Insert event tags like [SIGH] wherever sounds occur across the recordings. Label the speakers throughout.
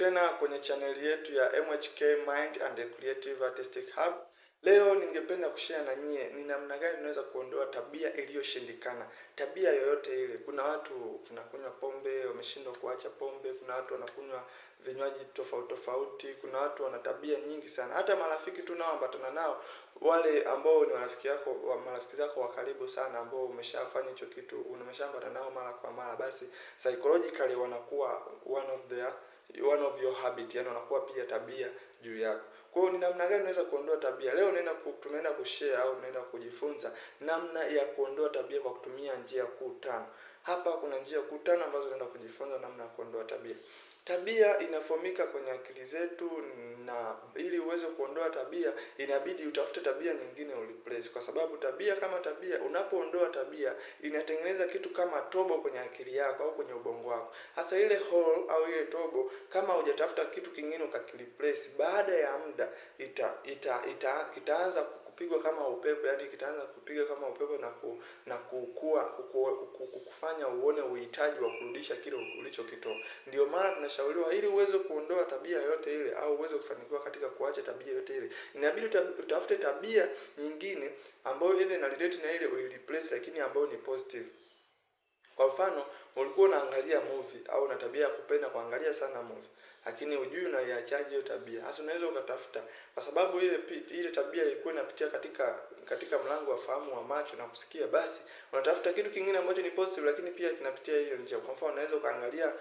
Speaker 1: tena kwenye chaneli yetu ya MHK Mind and the Creative Artistic Hub. Leo ningependa kushare na nyie ni namna gani tunaweza kuondoa tabia iliyoshindikana. Tabia yoyote ile, kuna watu wanakunywa pombe wameshindwa kuacha pombe, kuna watu wanakunywa vinywaji tofauti tofauti, kuna watu wana tabia nyingi sana. Hata marafiki tu nao, wale ambao ni marafiki yako wa marafiki zako wa karibu sana, ambao umeshafanya hicho kitu, umeshaambatana nao mara kwa mara, basi psychologically wanakuwa one of their one of your habit, yani unakuwa pia tabia juu yako. Kwa hiyo ni namna gani unaweza kuondoa tabia? Leo naenda tunaenda kushare au tunaenda kujifunza namna ya kuondoa tabia kwa kutumia njia kuu tano. Hapa kuna njia kuu tano ambazo unaenda kujifunza namna ya kuondoa tabia. Tabia inafomika kwenye akili zetu, na ili uweze kuondoa tabia inabidi utafute tabia nyingine ureplace, kwa sababu tabia kama tabia, unapoondoa tabia inatengeneza kitu kama tobo kwenye akili yako au kwenye ubongo wako, hasa ile hole au ile tobo. Kama hujatafuta kitu kingine ukakireplace, baada ya muda ita, ita, ita, itaanza kupigwa kama upepo, yani kitaanza kupiga kama upepo na ku, na kukua kuku, kukufanya uone uhitaji wa kurudisha kile ulichokitoa. Ndio maana tunashauriwa ili uweze kuondoa tabia yote ile au uweze kufanikiwa katika kuacha tabia yote ile, inabidi utafute tabia nyingine ambayo ile na relate na ile uireplace, lakini ambayo ni positive. Kwa mfano, ulikuwa unaangalia movie au una tabia ya kupenda kuangalia sana movie lakini hujui unaiachaje hiyo tabia. Hasa unaweza ukatafuta, kwa sababu ile ile tabia ilikuwa inapitia katika katika mlango wa fahamu wa macho na kusikia, basi unatafuta kitu kingine ambacho ni positive, lakini pia kinapitia hiyo njia. Kwa mfano, unaweza ukaangalia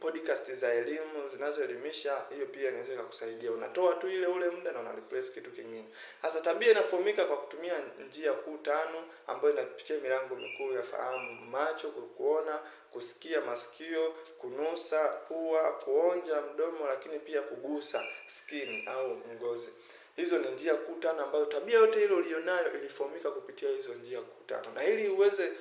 Speaker 1: podcast za elimu zinazoelimisha, hiyo pia inaweza kukusaidia. Unatoa tu ile ule muda na una replace kitu kingine. Hasa tabia inafomika kwa kutumia njia kuu tano ambayo inapitia milango mikuu ya fahamu: macho, kuona kusikia masikio, kunusa pua, kuonja mdomo, lakini pia kugusa skini au ngozi. Hizo ni njia kuu tano ambazo tabia yote hilo ulionayo ilifomika kupitia hizo njia kuu tano, na ili uweze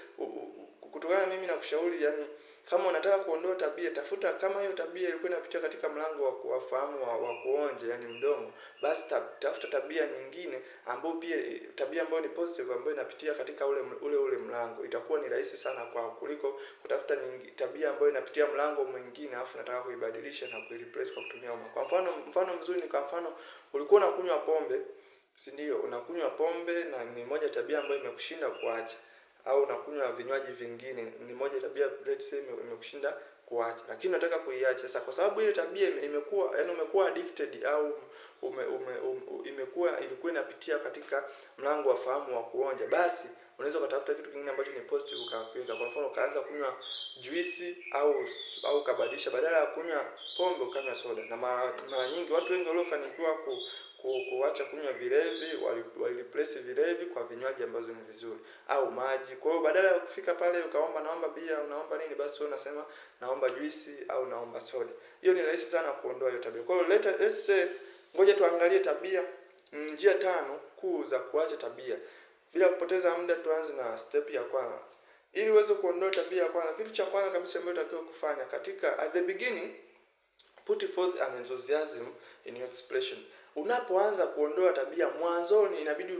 Speaker 1: kutokana, mimi na kushauri yani kama unataka kuondoa tabia, tafuta kama hiyo tabia ilikuwa inapitia katika mlango wa kuwafahamu wa, wa kuonje, yani mdomo, basi ta, tafuta tabia nyingine ambayo pia tabia ambayo ni positive ambayo inapitia katika ule ule ule mlango. Itakuwa ni rahisi sana kwa kuliko kutafuta nyingi, tabia ambayo inapitia mlango mwingine afu nataka kuibadilisha na kuireplace kwa kutumia uma. Kwa mfano, mfano mzuri ni kwa mfano ulikuwa unakunywa pombe, si ndio? Unakunywa pombe na ni moja tabia ambayo imekushinda kuacha au unakunywa vinywaji vingine, ni moja tabia let's say imekushinda kuacha, lakini unataka kuiacha. Sasa kwa sababu ile tabia imekuwa yaani umekuwa addicted au ume, ume, ume, imekuwa ilikuwa inapitia katika mlango wa fahamu wa kuonja, basi unaweza ukatafuta kitu kingine ambacho ni positive ukaweka. Kwa mfano ukaanza kunywa juisi au au kabadilisha, badala ya kunywa pombe ukanywa soda. Na mara, mara nyingi watu wengi waliofanikiwa ku kuacha kunywa vilevi, walireplace vilevi kwa vinywaji ambazo ni vizuri au maji. Kwa hiyo badala ya kufika pale ukaomba naomba bia, unaomba nini, basi wewe unasema naomba juisi au naomba soda. Hiyo ni rahisi sana kuondoa hiyo tabia. Kwa hiyo let's say, ngoja tuangalie tabia mm, njia tano kuu za kuacha tabia bila kupoteza muda. Tuanze na step ya kwanza ili uweze kuondoa tabia ya kwanza. Kitu cha kwanza kabisa ambacho unatakiwa kufanya katika, at the beginning, put forth an enthusiasm in your expression. Unapoanza kuondoa tabia mwanzoni, inabidi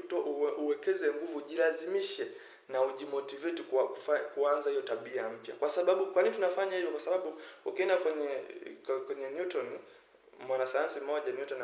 Speaker 1: uwekeze nguvu, jilazimishe na ujimotivate kwa kuanza hiyo tabia mpya. Kwa sababu kwa nini tunafanya hivyo? Kwa sababu ukienda kwenye kwenye Newton mwanasayansi mmoja Newton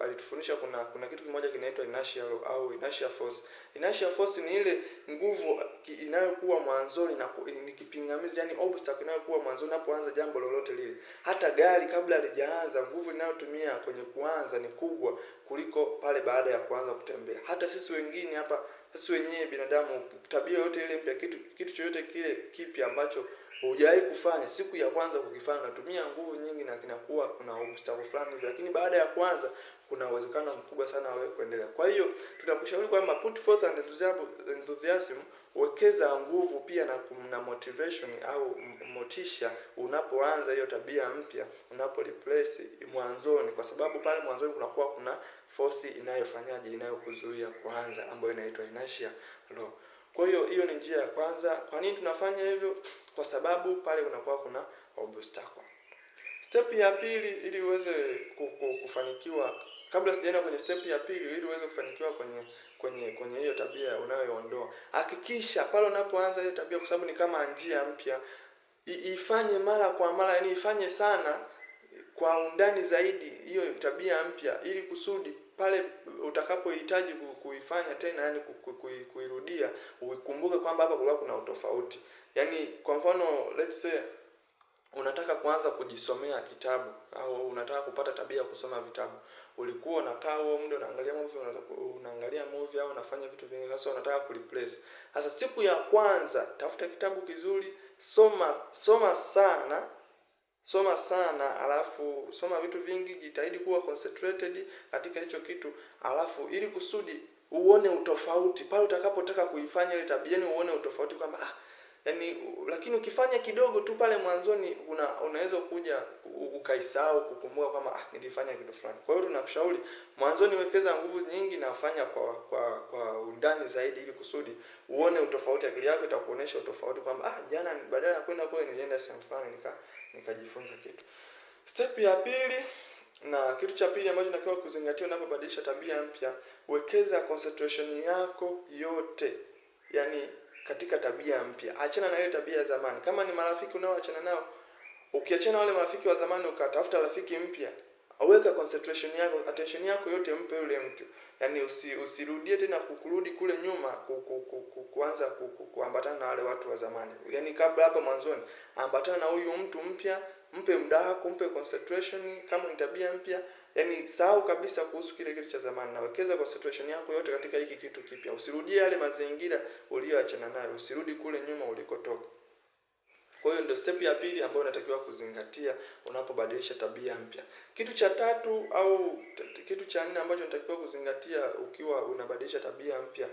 Speaker 1: alitufundisha kuna kuna kitu kimoja kinaitwa inertia au inertia force. Inertia force ni ile nguvu inayokuwa mwanzoni na ni kipingamizi, yani obstacle inayokuwa mwanzoni unapoanza jambo lolote lile. Hata gari kabla halijaanza, nguvu inayotumia kwenye kuanza ni kubwa kuliko pale baada ya kuanza kutembea. Hata sisi wengine hapa, sisi wenyewe binadamu, tabia yote ile mpya, kitu kitu chochote kile kipya ambacho hujawahi kufanya, siku ya kwanza kukifanya natumia nguvu nyingi na kinakuwa kuna obstacle fulani, lakini baada ya kwanza kuna uwezekano mkubwa sana wewe kuendelea. Kwa hiyo tunakushauri kwamba put forth and enthusiasm, wekeza nguvu pia na, na motivation au motisha unapoanza hiyo tabia mpya, unapo replace mwanzoni, kwa sababu pale mwanzoni kunakuwa kuna force inayofanyaje inayokuzuia kuanza ambayo inaitwa inertia law. Kwa hiyo hiyo ni njia ya kwanza. Kwa nini tunafanya hivyo? kwa sababu pale unakuwa kuna obstacle. Step ya pili ili uweze kufanikiwa, kabla sijaenda kwenye step ya pili, ili uweze kufanikiwa kwenye kwenye kwenye hiyo tabia unayoondoa, hakikisha pale unapoanza hiyo tabia, kwa sababu ni kama njia mpya, ifanye mara kwa mara, yani ifanye sana kwa undani zaidi hiyo tabia mpya, ili kusudi pale utakapohitaji kuifanya tena, yani kuirudia, ukumbuke kwamba hapa kulikuwa kuna utofauti. Yaani kwa mfano let's say unataka kuanza kujisomea kitabu au unataka kupata tabia ya kusoma vitabu. Ulikuwa unakaa huo muda unaangalia movie, unaangalia movie au unafanya vitu vingi, sasa unataka kureplace. Sasa siku ya kwanza tafuta kitabu kizuri, soma soma sana soma sana, alafu soma vitu vingi, jitahidi kuwa concentrated katika hicho kitu, alafu ili kusudi uone utofauti pale utakapotaka kuifanya ile tabia, ni yaani uone utofauti kwamba ah yani, lakini ukifanya kidogo tu pale mwanzoni una, unaweza kuja ukaisahau kukumbuka kama ah, nilifanya kitu fulani. Kwa hiyo tunamshauri mwanzoni wekeza nguvu nyingi na fanya kwa, kwa kwa undani zaidi, ili kusudi uone utofauti. Akili yako itakuonesha utofauti kwamba ah, jana badala ya kwenda kule nilienda sehemu fulani nika nikajifunza kitu. Step ya pili na kitu cha pili ambacho natakiwa kuzingatia unapobadilisha tabia mpya, wekeza concentration yako yote, yani katika tabia mpya. Achana na ile tabia ya zamani. Kama ni marafiki unaoachana nao, ukiachana wale marafiki wa zamani ukatafuta rafiki mpya, aweka concentration yako, attention yako yote mpe yule mtu. Yaani usi, usirudie tena kukurudi kule nyuma kuanza kuambatana na wale watu wa zamani. Yaani kabla hapo mwanzoni, ambatana na huyu mtu mpya, mpe muda wako, mpe concentration kama ni tabia mpya Yaani sahau kabisa kuhusu kile kitu cha zamani. Nawekeza kwa situation yako yote katika hiki kitu kipya. Usirudie yale mazingira uliyoachana nayo. Usirudi kule nyuma ulikotoka. Kwa hiyo ndio step ya pili ambayo unatakiwa kuzingatia unapobadilisha tabia mpya. Kitu cha tatu au kitu cha nne ambacho unatakiwa kuzingatia ukiwa unabadilisha tabia mpya,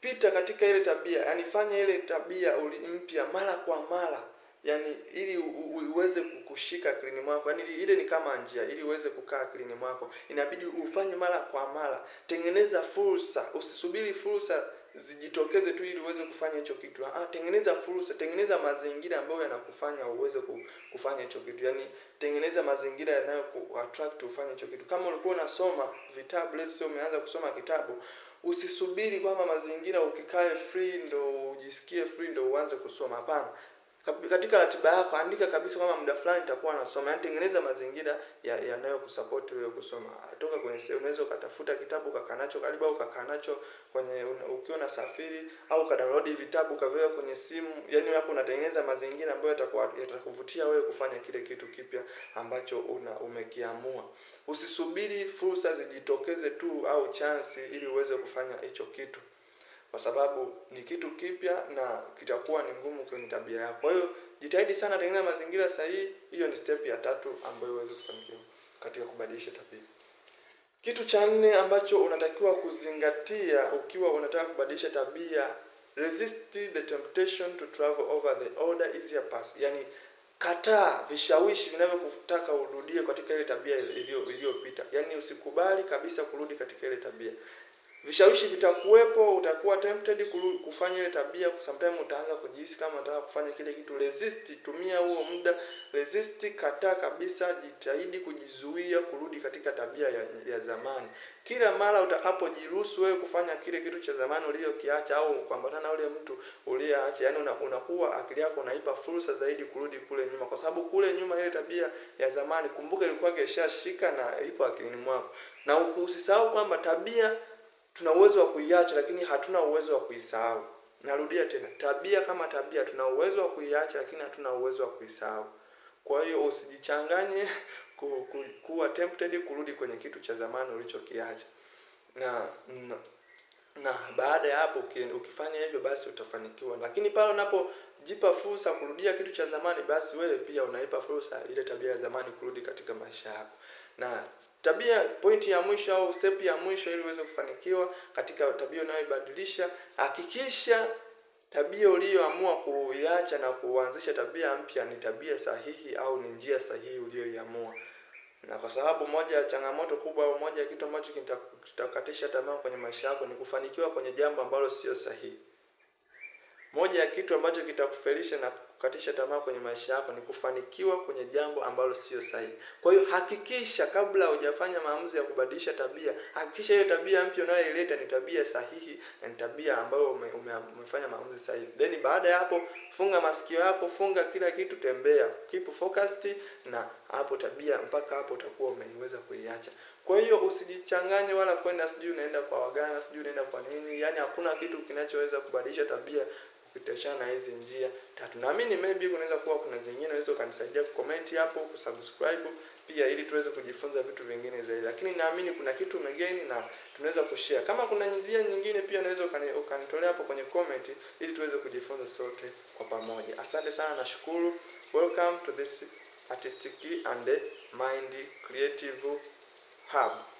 Speaker 1: pita katika ile tabia, yani fanya ile tabia mpya mara kwa mara, Yaani uweze kushika akilini mwako, yaani ile ni kama njia, ili uweze kukaa akilini mwako inabidi ufanye mara kwa mara. Tengeneza fursa, usisubiri fursa zijitokeze tu ili uweze kufanya hicho kitu. Ah, tengeneza fursa, tengeneza mazingira ambayo yanakufanya uweze kufanya hicho kitu. Yaani tengeneza mazingira yanayo yanayokuattract ufanye hicho kitu. Kama ulikuwa unasoma vitabu, let's say umeanza kusoma kitabu, usisubiri kwamba mazingira ukikae free ndo ujisikie free ndo uanze kusoma. Hapana, katika ratiba yako andika kabisa kwamba muda fulani nitakuwa nasoma, yani tengeneza mazingira yanayokusupport ya wewe kusoma. Toka kwenye sehemu, unaweza ukatafuta kitabu ukakaa nacho karibu, au ukakaa nacho kwenye ukiwa unasafiri, au ukadownload vitabu ukaviweka kwenye simu. Yani hapo unatengeneza mazingira ambayo yatakuwa yatakuvutia wewe kufanya kile kitu kipya ambacho una umekiamua. Usisubiri fursa zijitokeze tu au chansi ili uweze kufanya hicho kitu kwa sababu ni kitu kipya na kitakuwa ni ngumu kwenye tabia yako. Kwa hiyo jitahidi sana, tengeneza mazingira sahihi. Hiyo ni step ya tatu ambayo uweze kufanikiwa katika kubadilisha tabia. Kitu cha nne ambacho unatakiwa kuzingatia ukiwa unataka kubadilisha tabia, resist the temptation to travel over the older easier path, yani kataa vishawishi vinavyokutaka urudie katika ile tabia iliyopita, yani usikubali kabisa kurudi katika ile tabia vishawishi vitakuwepo, utakuwa tempted kufanya ile tabia. Sometimes utaanza kujihisi kama unataka kufanya kile kitu. Resist, tumia huo muda, resist, kataa kabisa, jitahidi kujizuia kurudi katika tabia ya, ya zamani. Kila mara utakapojiruhusu wewe kufanya kile kitu cha zamani uliyokiacha au kuambatana na ule mtu uliyeacha, yani unakuwa una akili yako unaipa fursa zaidi kurudi kule nyuma, kwa sababu kule nyuma ile tabia ya zamani, kumbuka, ilikuwa keshashika na ipo akilini mwako, na usisahau kwamba tabia tuna uwezo wa kuiacha, lakini hatuna uwezo wa kuisahau. Narudia tena, tabia kama tabia, tuna uwezo wa kuiacha, lakini hatuna uwezo wa kuisahau. Kwa hiyo usijichanganye [LAUGHS] ku, ku, kuwa tempted kurudi kwenye kitu cha zamani ulichokiacha na, na na baada ya hapo ukifanya hivyo basi utafanikiwa, lakini pale unapo jipa fursa kurudia kitu cha zamani, basi wewe pia unaipa fursa ile tabia ya zamani kurudi katika maisha yako. Na tabia pointi ya mwisho au step ya mwisho, ili uweze kufanikiwa katika tabia unayoibadilisha, hakikisha tabia uliyoamua kuiacha na kuanzisha tabia mpya ni tabia sahihi au ni njia sahihi uliyoiamua na kwa sababu moja ya changamoto kubwa au moja ya kitu ambacho kitakatisha tamaa kwenye maisha yako ni kufanikiwa kwenye jambo ambalo sio sahihi. Moja ya kitu ambacho kitakufelisha na kukatisha tamaa kwenye maisha yako ni kufanikiwa kwenye jambo ambalo sio sahihi. Kwa hiyo hakikisha kabla hujafanya maamuzi ya kubadilisha tabia, hakikisha ile tabia mpya unayoileta ni tabia sahihi na ni tabia ambayo ume, ume, umefanya maamuzi sahihi. Then baada ya hapo funga masikio yako, funga kila kitu, tembea, keep focused, na hapo tabia mpaka hapo utakuwa umeiweza kuiacha. Kwa hiyo usijichanganye wala kwenda sijui unaenda kwa waganga sijui unaenda kwa nini, yaani hakuna kitu kinachoweza kubadilisha tabia tutaachana na hizi njia tatu. Naamini maybe kunaweza kuwa kuna zingine unaweza ukanisaidia kucomment hapo, kusubscribe pia, ili tuweze kujifunza vitu vingine zaidi, lakini naamini kuna kitu umegeni na tunaweza kushare. Kama kuna njia nyingine pia unaweza ukanitolea hapo kwenye comment, ili tuweze kujifunza sote kwa pamoja. Asante sana, nashukuru. Welcome to this artistic and mind creative hub.